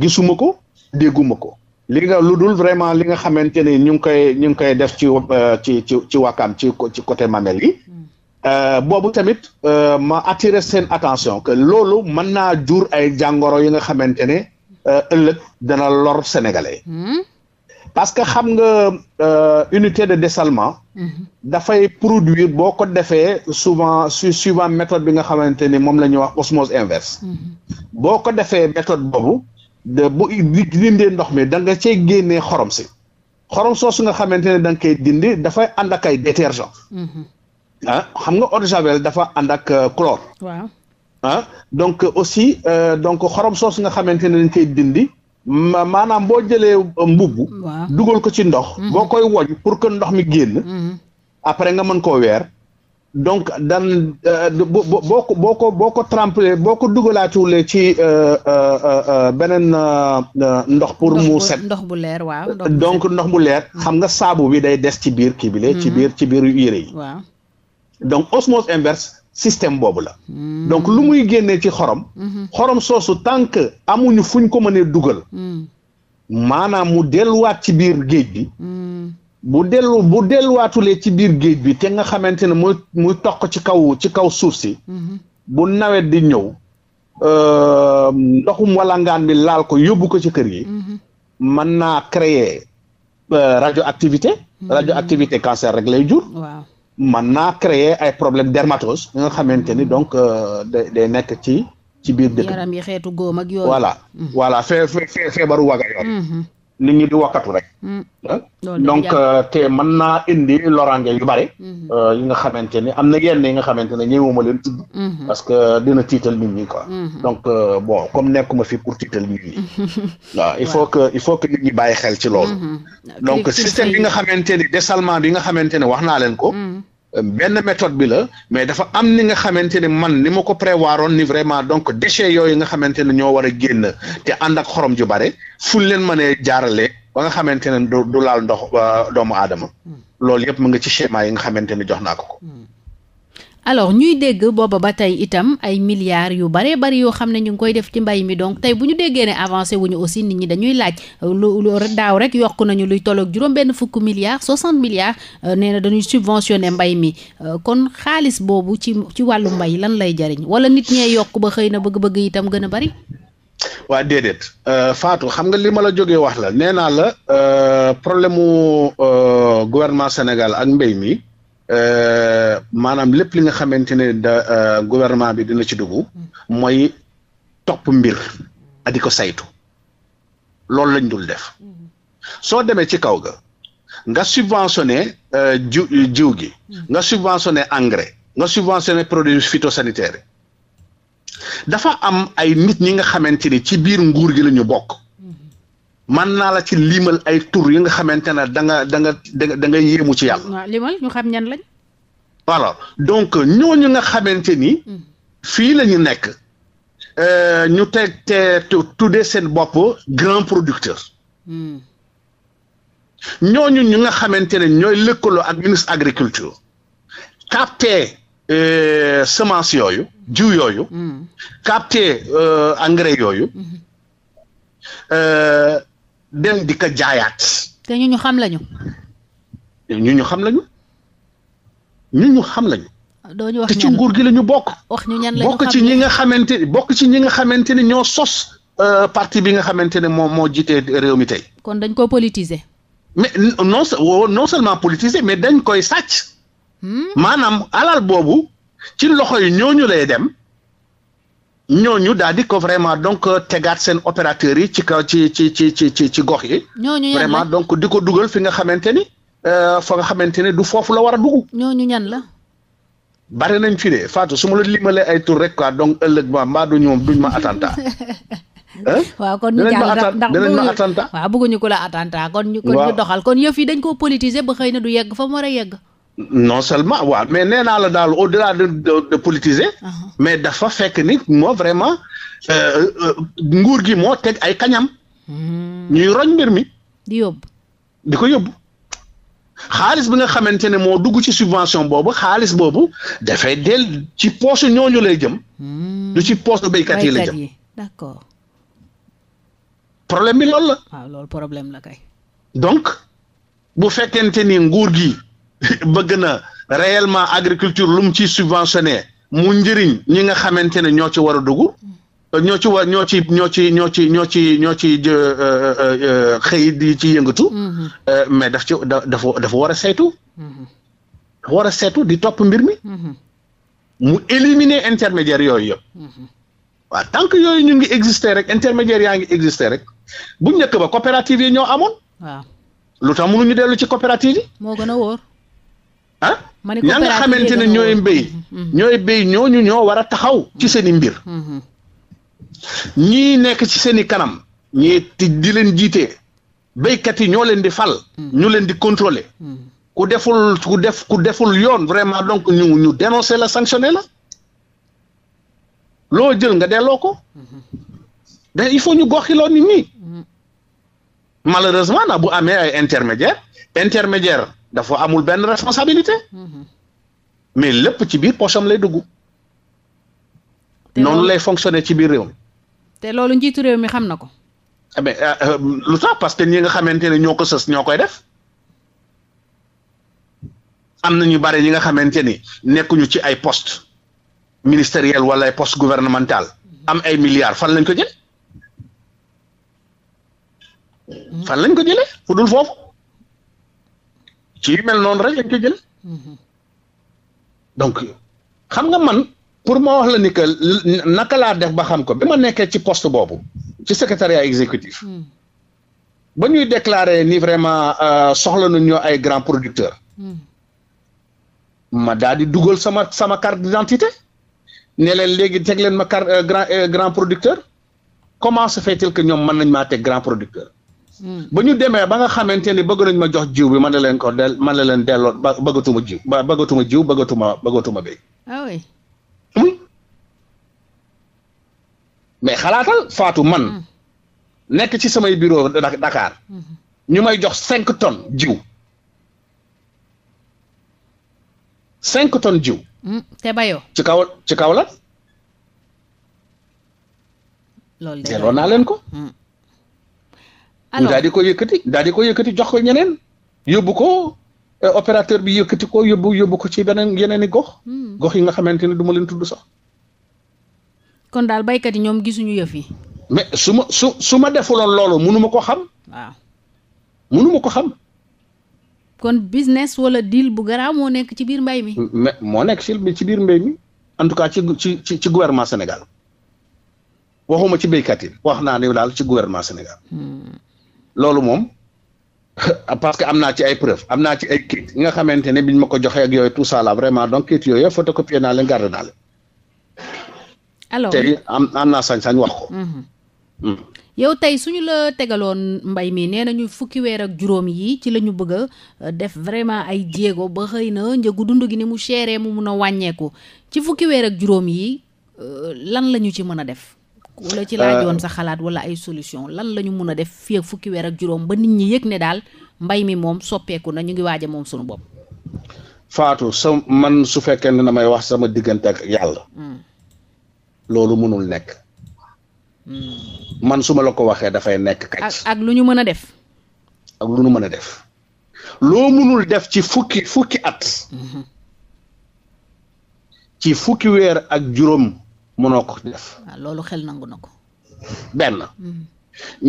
gisuma ko dégguma ko li nga lu dul vraiment li nga xamante ne ñu ngi koy ñu ngi koy def ci euh, ci ci ci wàkkaam ci ci côté Mamelles yi. Hmm. Euh, boobu tamit euh, ma attirer seen attention que loolu mën naa jur ay jàngoro yi nga xamante ne euh, ëllëg dana lor sénégalais. Hmm? parce que xam nga unité de dessalement. Hmm. dafay produire boo ko defee souvent su suivant méthode bi nga xamante ne moom la ñuy wax osmose inverse. Hmm. boo ko defee méthode boobu de bu dindee ndox mi da nga cee génnee xorom si xorom soosu nga xamante ne da nga koy dindi dafay ànd ak ay détergent. Ah, xam nga eau javel dafa ànd ak euh, chlore. Ah, donc euh, aussi euh, donc xorom soos nga xamante ne dañ koy dindi. maanaam boo jëlee mbubb dugal ko ci ndox. Mhm. boo koy woñ pour que ndox mi génn. Mhm. après nga mën koo weer. donc dan boo ko boo ko boo boo ko dugalaatuwulee ci beneen ndox pour mu set ndox bu leer waaw donc ndox bu leer mhm. xam nga saabu bi day des ci biir kii bi le ci biir ci biir yére yi waaw donc osmose inverse système boobu la. Hmm. donc lu muy génne ci xorom. Hmm. xorom soosu tant que amuñu fuñ ko mënee dugal. Hmm. maanaam mu delluwaat ci biir géej bi. bu dellu bu delluwaatulee ci biir géej bi te nga xamante ne muy muy toq ci kaw ci kaw suuf si. bu nawet di ñëw. Euh, ndoxum walangaan bi laal ko yóbbu ko ci kër yi. mën naa créer euh, radioactivité. radioactivité cancer rek lay jur. mën naa créer ay problème dermatose yi nga xamante ni donc euh, day day nekk ci ci biir dëkk yaram yi xeetu góom ak yooyu voilà mm-hmm. voilà fee fee feebaru waga yooyu mm-hmm. nit ñi di wakkatu rek mm. ah. donc euh, te mën naa indi lorange yu bare mm-hmm. euh, yi nga xamante ni am na yenn yi nga xamante ne ñëwuma leen tudd parce que dina tiital nit ñi quoi donc bon comme nekkuma fi pour tiital nit ñi waaw il faut que nit ñi bàyyi xel ci loolu donc système bi nga xamante ni dessalement bi nga xamante ne wax naa leen ko mm. benn méthode bi la mais dafa am ni nga xamante ni man ni ma ko prévoiroon ni vraiment donc déchets yooyu nga xamante ne ñoo war a génn te ànd ak xorom ju bare fu leen mënee jaarale ba nga xamante ne du du laal ndox doomu adama hmm. loolu yëpp mu nga ci schéma yi nga xamante ne jox naa ko. Hmm. alors ñuy dégg booba ba tey itam ay milliards yu bare bari yoo xam ne ñu ngi koy def ci mbay mi donc tey bu ñu déggee ne avancé wuñu aussi nit ñi dañuy laaj lu daaw rek yokk nañu luy tolloog juróom benn fukk milliards 60 milliards euh, nee na dañuy subventionné mbay mi euh, kon xaalis boobu ci ci wàllu mbay lan lay jariñ wala nit ñee yokk ba xëy na bëgg-bëgg itam gën a bari waa déedéet euh, Fatou xam nga li ma la jogee wax la nee naa la problème mu gouvernement Sénégal ak mbay mi Euh, maanaam lépp li nga xamante ne da euh, gouvernement bi dina ci dugg mm. mooy topp mbir a di ko saytu loolu lañ dul def mm. soo demee ci kaw ga nga subventionné euh, jiw jiw gi mm. nga subventionné engrais nga subventionné produit phytosanitaire dafa am ay nit ñi nga xamante ni ci biir nguur gi la ñu bokk man naa la ci limal ay tur yi nga xamante ne da nga da nga da nga yéemu ci yàlla. waaw limal ñu xam ñan lañ. voilà donc ñooñu nga xamante ni. Hmm. fii la ñu nekk. Euh, ñu teg te tuddee seen bopp grand producteur. Hmm. ñooñu ñu nga xamante ne ñooy lëkkaloo ak ministre agriculture. capté euh, semence yooyu. jiw yooyu. Hmm. capté euh, engrais yooyu. dem dikk ko jaayaat. te ñu ñu xam lañu. ñu ñu xam lañu ñu xam lañu. doo ñu wax te ci nguur gi la ñu bokk. wax ñu ñan bokk ci ñi nga xamante ni bokk ñi nga xamante ni ñoo sos. Euh, parti bi nga xamante ne moom moo jiitee réew mi tey. kon dañ ko politiser. mais non seulement politiser mais dañ koy sàcc. Hmm? maanaam alal boobu ci loxo yi ñu lay dem. ñooñu daal di ko vraiment donc euh, tegaat seen opérateurs yi ci kaw ci ci ci ci ci ci gox yi. ñooñu vraiment donc di ko dugal fi nga xamante ni euh, fa nga xamante ni du foofu la war ñooñu ñan la. bare nañ fi de su ma la limalee ay tur rek quoi donc ëllëg ma mbaa du ñoom duñ ma attentat. waaw kon ñu jàll ndax dinañ ma attentat waaw bëgguñu ko la attentat kon ñu kon doxal kon yëf yi dañ koo politiser ba xëy na du yegg fa mu war a yegg. non seulement waa mais nee naa la daal au delà de politiser. Uh-huh. mais dafa fekk ni moo vraiment euh, euh, nguur gi moo teg ay kañam. Hmm. ñuy mm. roñ mbir mi. di yóbbu di ko yóbbu. xaalis bi nga xamante ne moo dugg ci subvention boobu xaalis boobu dafay del ci poche ñooñu lay jëm. Hmm. du ci poche béykat yi lay jëm d'accord problème bi loolu la. waaw donc bu fekkente ni nguur gi. bëgg na réellement agriculture lu mu ciy subventionné mu njëriñ ñi nga xamante ne ñoo ci war a dugg ñoo ci war ñoo ci ñoo ci ñoo ci ñoo ci ñoo ci euh, euh, euh, xëy di ci yëngatu. Mhm. mais daf ci da dafa dafa war a saytu. Mhm. war a saytu di topp mbir mi. Mhm. mu éliminer intermédiaire yooyu yëpp. waaw tant que yooyu ñu ngi exister rek intermédiaire yaa ngi exister rek bu njëkk ba coopérative yi ñoo amoon. waaw lu tax mënuñu dellu ci coopérative yi. moo gën a wóor. ah ña nga xamante ne mm-hmm. Mm-hmm. ñooy mbéy ñooy béy ñooñu ñoo war a taxaw ci seen i mm-hmm. mbir ñii nekk ci seen i kanam ñii di leen jiite béykat yi ñoo leen di fal ñu leen di contrôler ku deful ku def ku deful yoon vraiment donc ñu ñu dénoncer la sanctionner la loo jël nga delloo ko da il faut ñu goxiloo ni ñi malheureusement na bu amee ay intermédiaire intermédiaire dafa amul benn responsabilité mais lépp ci biir poosam lay dugg noonu lay fonctionner ci biir réew mi te loolu njiitu réew mi xam na ko mais eh euh, euh, lu tax parce que ñi nga xamante ne ñoo ko sës ñoo koy def am nañu ñu bare ñi nga xamante ni nekkuñu ci ay poste ministériel wala ay poste gouvernemental am ay milliards fan lañ ko jële hmm. fan lañ ko jële fu foofu ci yu mel noonu rek lañ ko jël mhm. donc xam nga man pour ma wax la ni que naka laa def ba xam ko bi ma nekkee ci poste boobu ci secrétariat exécutif mhm. ba ñuy déclarer ni vraiment euh, soxla nañ ñoo ay grands producteurs mhm. ma daal di dugal sama sama carte d'identité leen léegi teg leen ma carte euh, grand euh, grand producteur comment se fait que ñoom mën nañ maa teg grand producteur ba ñu demee ba nga xamante ni bëgg nañ ma jox jiw bi man la leen ko del man la leen delloo ba bëggatuma jiw ba bëggatuma jiw bëggatuma bëggatuma béy. ah oui. Hmm? mais xalaatal Fatou man. Hmm. nekk ci samay bureau Dakar. Hmm. ñu may jox cinq ton jiw. cinq tonnes jiw. te bayoo. ci kaw la. delloo naa leen ko. alors daal di ko yëkkati daal di ko yëkkati jox ko ñeneen yóbbu ko euh, opérateur bi yëkkati ko yóbbu yóbbu ko ci beneen yeneen i gox. Hmm. gox yi nga xamante ne du leen tudd sax. kon daal baykat yi ñoom gisuñu yëf yi. mais su ma su su ma defuloon loolu mënu ma ko xam. waaw ko xam. kon business wala diil bu garaaw moo nekk ci biir mbay mi. mais moo nekk ci biir mbay mi en tout cas ci ci ci gouvernement Sénégal waxuma ci béykat yi wax naa ne laal ci gouvernement Sénégal. Hmm. loolu moom parce que am naa ci ay preuve am naa ci ay kayit nga xamante ne biñ ma ko joxee ak yooyu tout ça là vraiment donc kayit yooyu yëpp photocopier naa leen garde naa leen. alors tey am am naa sañ-sañ wax ko. Mhm. Mm. yow tey suñu la tegaloon mbay mi nee nañu fukki weer ak juróom yi ci lañu ñu bëgg a euh, def vraiment ay jéego ba xëy na njëgu dund gi ni mu seeree mu mun a wàññeeku ci fukki weer ak juróom yi euh, lan la ñu ci mën a def. wala ci laajoon euh, sa xalaat wala ay solution lan la ñu mun a def fii fukki weer ak juróom ba nit ñi yëg ne daal mbay mi moom soppeeku na ñu ngi waaj moom sunu bopp. faatu sa man su fekkee ne may wax sama diggante yàlla. Hmm. loolu mënul nekk. Hmm. man su la ko waxee dafay nekk. kàcc ak lu ñu mën a def. ak lu ñu mën a def. loo mënul def ci fukki fukki at. Hmm. ci fukki weer ak juróom. munoo ko def. loolu xel nangu na ko. benn. Mm-hmm.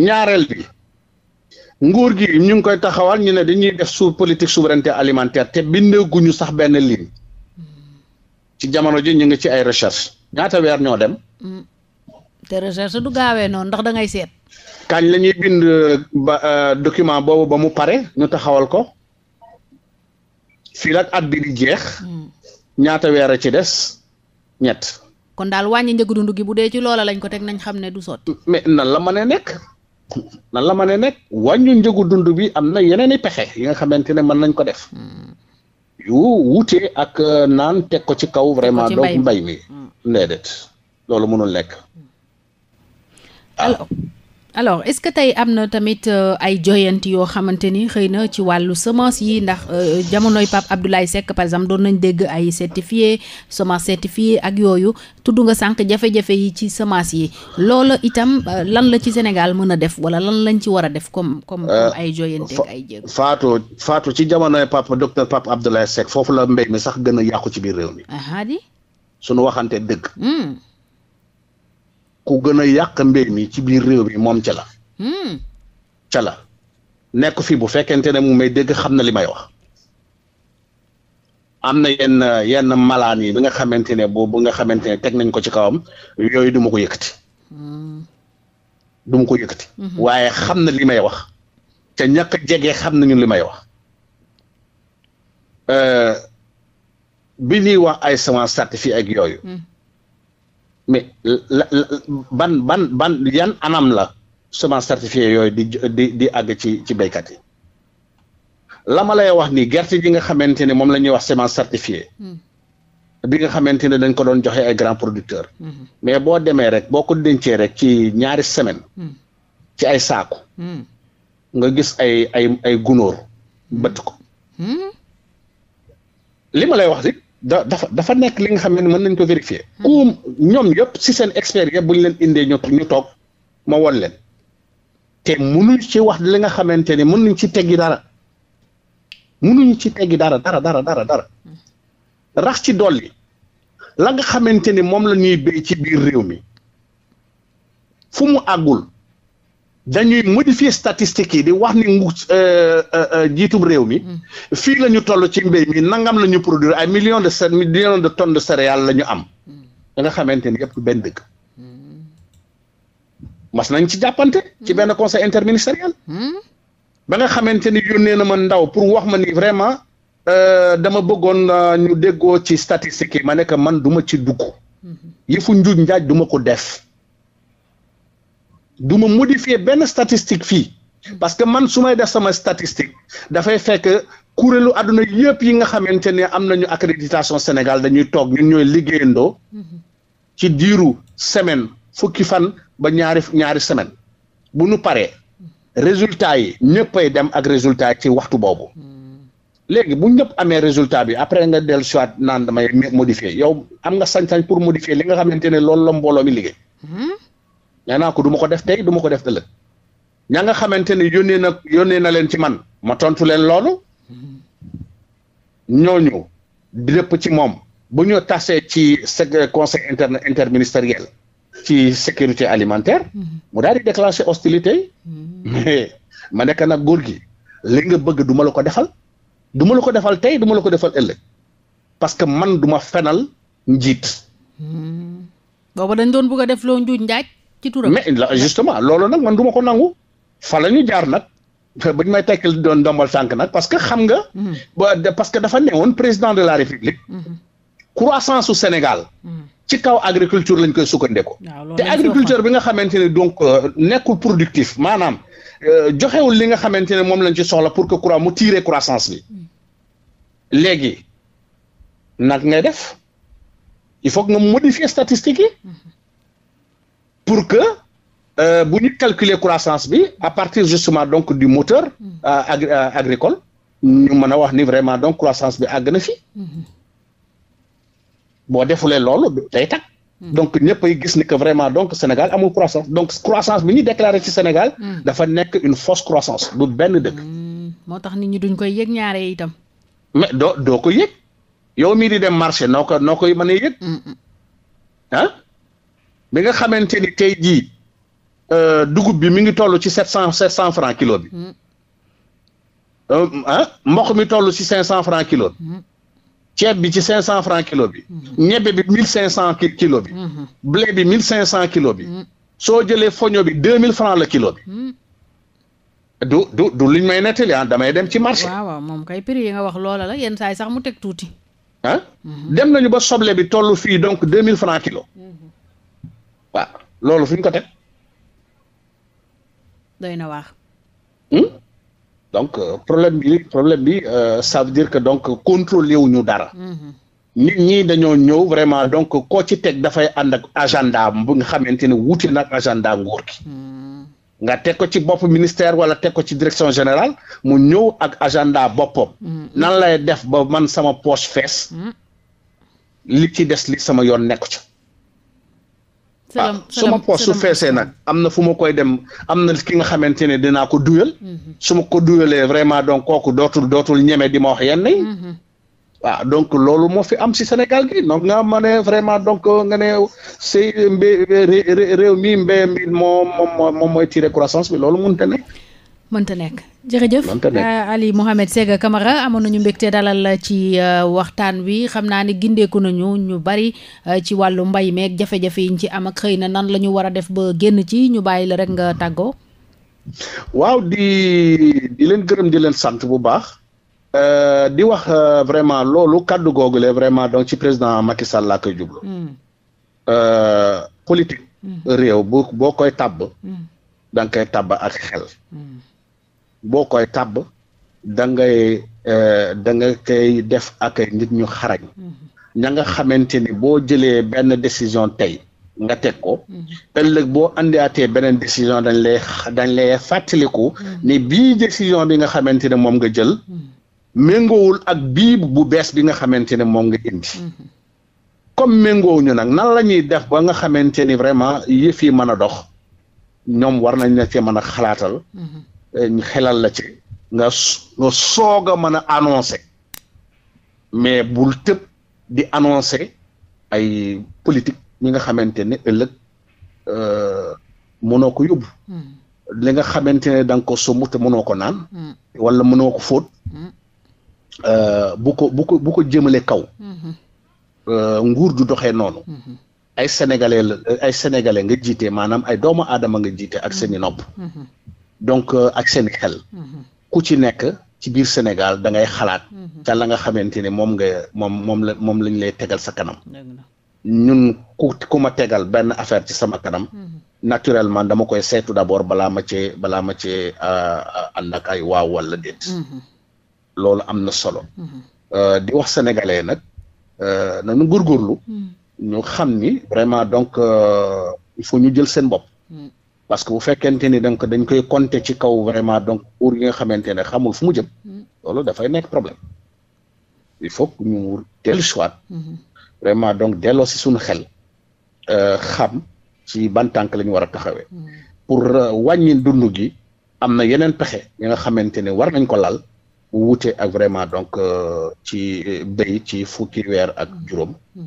ñaareel bi nguur gi ñu ngi koy taxawal ñu ne dañuy def sous politique souveraineté alimentaire te bindeeguñu sax benn ligne mm-hmm. ci jamono ji ñu ngi ci ay recherche ñaata weer ñoo dem. Mm-hmm. te recherche du gaawee noonu ndax dangay seet. kañ lañuy bind uh, ba uh, document boobu ba mu pare ñu taxawal ko fii nag at bi di jeex. ñaata weer a ci des ñett. kon daal wàññi njëgu dund gi bu dee ci loola lañ ko teg nañ xam ne du sotti. mais nan la mën a nekk nan la mën a wàññi njëgu dund bi am na yeneen i pexe yi nga xamante ne mën nañ ko def. Hmm. yu wuute ak euh, naan teg ko ci kaw. vraiment donc mbay mi hmm. déedéet loolu mënul nekk. Hmm. Ah. alors est-ce que tey am na tamit euh, ay joyanti yoo xamante ni xëy na ci wàllu semence yi ndax euh, jamonoy Pape Abdoulaye Seck par exemple doon nañ dégg ay certifié semence certifiée ak yooyu tudd nga sànq jafe-jafe yi ci semence yi loola itam euh, lan la ci Sénégal mën a def wala lan lañ ci war a def comme comme ay joyanti ay jéego Fatou Fatou ci jamonoy Pape docteur Pape Abdoulaye Seck foofu la mbéy mi sax gën a yàqu ci biir réew mi. aha di. sunu waxante dëgg. Hmm. ku gën a yàq mbéy mi ci biir réew mi moom ca la. Hmm. ca la nekk fi bu fekkente ne mu may dégg xam na li may wax. am na yenn yenn malaan yi ba nga xamante ne boobu nga xamante ne teg nañ ko ci kawam yooyu duma ko yëkkati. Hmm. du ko yëkkati. Hmm. waaye xam na li may wax. te ñàkk jege xam nañu li may wax. Euh, bi ñuy wax ay semence certifiée ak yooyu. mais la ban ban ban yan anam la semence certifiée yooyu di di àgg ci ci béykat yi la lay wax ni gerte gi nga xamante ne moom la ñuy wax semence certifiée hmm. bi nga xamante ne dañ ko doon joxe ay grands producteur hmm. mais boo demee rek boo ko dencee rek ci ñaari semaine hmm. ci ay saaku nga gis ay ay ay gunóor bëtt ko li lay wax rek da dafa dafa nekk li nga xam ne mën nañ ko vérifier ku ñoom yëpp si seen expert yëpp bu ñu leen indee ñu ñu toog ma won leen te munuñ ci wax li nga xamante ne mën nañ ci teggi dara munuñ ci teggi dara dara dara dara dara rax ci dolli la nga xamante ni moom la ñuy béy ci biir réew mi fu mu àggul dañuy modifier statistiques yi di wax ni ngu euh, euh, euh, jiitum réew mi mm-hmm. fii la ñu toll ci mbéy mi nangam la ñu produire ay millions de millions de tonnes de céréales ñu am ba mm-hmm. nga xamante ni yëpp benn dëkk mm-hmm. mas nañ ci jàppante ci benn conseil interministériel ba nga xamante ni yónnee na ma ndaw pour wax ma ni vraiment dama bëggoon ñu déggoo ci statistiques yi ma nekk man duma ci dugg yëfu njuuj njaaj duma ko def du ma modifier benn statistique fii parce que man su may def sama statistique dafay fekk kuréelu àdduna yëpp yi nga xamante ne am nañu accréditation Sénégal dañuy toog ñun ñooy liggéeyandoo ci diiru semaine fukki fan ba ñaari ñaari semaine bu nu paree résultat yi ñëppay dem ak résultat ci waxtu boobu léegi bu ñëpp amee résultat bi après nga dellu soit naan damay modifier yow am nga sañ-sañ pour modifier li nga xamante ne loolu la mbooloo mi liggéey hmm? nee naa ko du ma ko def tey du ma ko def ëllëg ña nga xamante ni yónnee na yónnee na leen ci man ma tontu leen loolu ñooñu lépp ci moom bu ñu tassee ci conseil inter interministériel ci sécurité alimentaire mu daal di hostilité mm-hmm. ma nekk nag góor gi li nga bëgg du ma la ko defal du ma la ko defal tey du ma la ko defal ëllëg parce que man du ma fenal njiit. Mm-hmm. booba dañ doon bëgg a def loo njuuj njaaj. ci turam mais la justement loolu nag man du ma ko nangu fa la ñu jaar nag ba may tekkal doon ndombal tànk nag parce que xam nga. Mm-hmm. ba parce que dafa woon président de la république. Mm-hmm. croissance su Sénégal. Mm-hmm. ci kaw agriculture lañ koy sukkandeku. te agriculture bi nga xamante ne donc euh, nekku productif maanaam euh, joxewul li nga xamante ne moom lañ ci soxla pour que croix mu tirer croissance bi léegi nag ngay def il faut que nga modifier statistiques pour que euh, bu ñu calculer croissance bi à partir justement donc du moteur mm-hmm. euh, agri euh, agricole ñu mën a wax ni vraiment donc croissance bi àgg na fi mm-hmm. boo defulee loolu day tag mm-hmm. donc ñëpp ay gis ni que vraiment donc Sénégal amul croissance donc croissance bi ñu déclaré ci Sénégal mm. dafa nekk une fausse croissance du benn dëkk mm. moo tax nit ñi duñ koy yëg ñaare itam mais doo doo ko yëg yow mii di dem marché noo ko koy mën a yëg ah bi nga xamante ni tey jii euh, dugub bi mi ngi toll ci sept cent sept cent franc kilo bi ah mboq mi toll ci cinq cent franc kilo bi hmm. ceeb bi ci cinq cent franc kilo bi hmm. ñebbe bi mille cinq cent kilo bi blé bi mille cinq cent kilo bi soo jëlee foño bi deux mille franc la kilo bi du du du liñ may nettali ah damay dem ci marché. waaw waaw moom kay prix yi nga wax loola la yenn saa sax mu teg tuuti. ah dem nañu ba soble bi toll fii donc deux mille franc kilo. waaw loolu fu ñu ko teg. doy na waax. Hmm? donc euh, problème bi problème bi euh, ça veut dire que donc contrôlé wu ñu dara. Mhm. nit ñi dañoo ñëw vraiment donc koo ci teg dafay ànd ak agenda bu nga xamante ne wuute nag agenda nguur gi. Hmm. nga teg ko ci bopp ministère wala teg ko ci direction général mu ñëw ak agenda boppam. Hmm. nan lay def ba man sama poche fees. li ci des li sama yoon nekku ci ah suma ma poos su feesee nag am na fu ma koy dem am na ki nga xamante ne dinaa ko duyal. Mm-hmm. su ma ko duyalee vraiment donc kooku dootul dootul ñeme di ma wax yenn yi. Mm-hmm. waaw donc loolu moo fi am si Sénégal gi donc nga ma vraiment donc euh, nga ne say mbé réew mi mbéy mi moom moom mooy tiré croissance bi loolu mënut a mënta nekk jërëjëf euh, Ali Mohamed Sega Camara amoon nañu mbégte dalal ci euh, waxtaan wi xam naa ni gindeeku nañu ñu bari euh, ci wàllu mbay meek jafe-jafe yiñ ci am ak xëy na nan lañu ñu war a def ba génn ci ñu bàyyi la rek nga tàggoo waaw di di leen gërëm di leen sant bu baax di wax vraiment loolu kàddu googu la vraiment donc ci président Macky Sall laa koy jublu hmm. politique hmm. réew boo koy tàbb hmm. da koy tàbb ak xel boo koy tàbb da ngay eh, da nga koy def ak nit ñu xarañ mm-hmm. ña nga xamante ni boo jëlee benn décision tey nga teg ko mm-hmm. ëllëg boo andiwaatee beneen décision dañ lay dañ lay fàttaliku mm-hmm. ni bii décision bi nga xamante ne moom nga jël méngoowul ak bii bu bees bi nga xamante ne moom nga indi comme méngoowuñu nag nan la ñuy def ba nga xamante ni vraiment yëf yi mën a dox ñoom war nañ na ci mën a xalaatal ñu xelal la ci nga nga soog a mën a mais bul tëb di annoncé ay politique ñi nga xamante ne ëllëg euh, mënoo ko yóbbu hmm. nga xamante ne da nga ko sumb te mënoo ko naan hmm. wala mënoo ko fóot hmm. euh, bu ko bu ko bu ko jëmale kaw euh, nguur du doxee noonu ay sénégalais la ay sénégalais nga jiite maanaam ay doomu aadama nga jiite ak seeni nopp donc euh, ak seen xel mm-hmm. ku ci nekk ci biir Sénégal dangay xalaat mm-hmm. ca la nga xamante ne moom nga moom moom la moom lañ lay tegal sa kanam ñun ku ku ma tegal benn affaire ci sama kanam mm-hmm. naturellement dama koy seetu d'abord balaa ma cee balaa ma cee euh, euh, ànd ay waaw wala déet loolu am na solo di wax sénégalais nag nañu góorgóorlu ñu xam ni vraiment donc il faut ñu jël seen bopp parce que bu fekkente ni donc dañ koy compter ci kaw vraiment donc nguur gi nga xamante ne xamul fu mu jëm loolu dafay nekk problème il faut que ñu dellu soit vraiment donc delloo si suñu xel euh, xam ci ban tànk la ñu war a taxawee pour euh, wàññi dund gi am na yeneen pexe yi nga xamante ne war nañ ko lal wute ak vraiment donc euh, ci béy ci fukki weer ak juróom mm.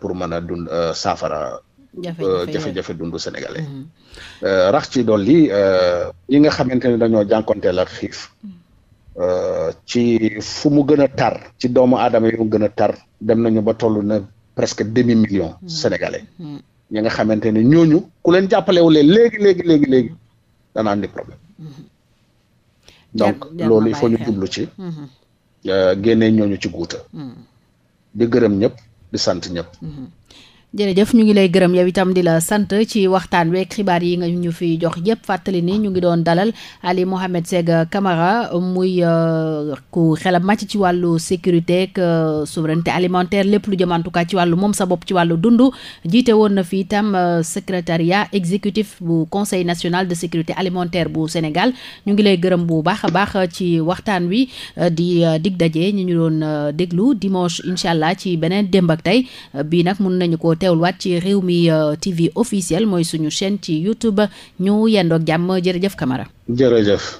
pour mën a dund saafara Euh, jafe-jafe dundu sénégalais mhm. euh, rax ci dolli euh, yi nga xamante ne dañoo jànkonteel ak xiif mhm. ci fu mu gën a tar ci doomu aadama yi mu gën a tar dem nañu ba toll na presque demi million mhm. sénégalais ñi nga xamante ne ñooñu ku leen jàppalewulee léegi léegi léegi léegi dana andi problème donc loolu il fo ñu jublu ci génnee ñooñu ci guuta di gërëm ñëpp di sant ñëpp jërëjëf ñu ngi lay gërëm yow itam di la sant ci waxtaan weeg xibaar yi nga ñu fi jox yépp fàttali ni ñu ngi doon dalal Ali Mohamed Sega kamara muy euh, ku xelam màcc ci wàllu sécurité ak euh, souveraineté alimentaire lépp lu jëm en ci wàllu moom sa bopp ci wàllu dund jiite woon na fi itam euh, secrétariat exécutif bu conseil national de sécurité alimentaire bu Sénégal ñu ngi lay gërëm bu baax a baax ci waxtaan wi di dig daje ñu ñu doon déglu dimanche incha allah ci beneen démb tey bii nag mun nañu ko teewluwaat ci réew mi euh, TV officiel mooy suñu chaîne ci YouTube ñu yendoog jàmm jërëjëf Camara jërëjëf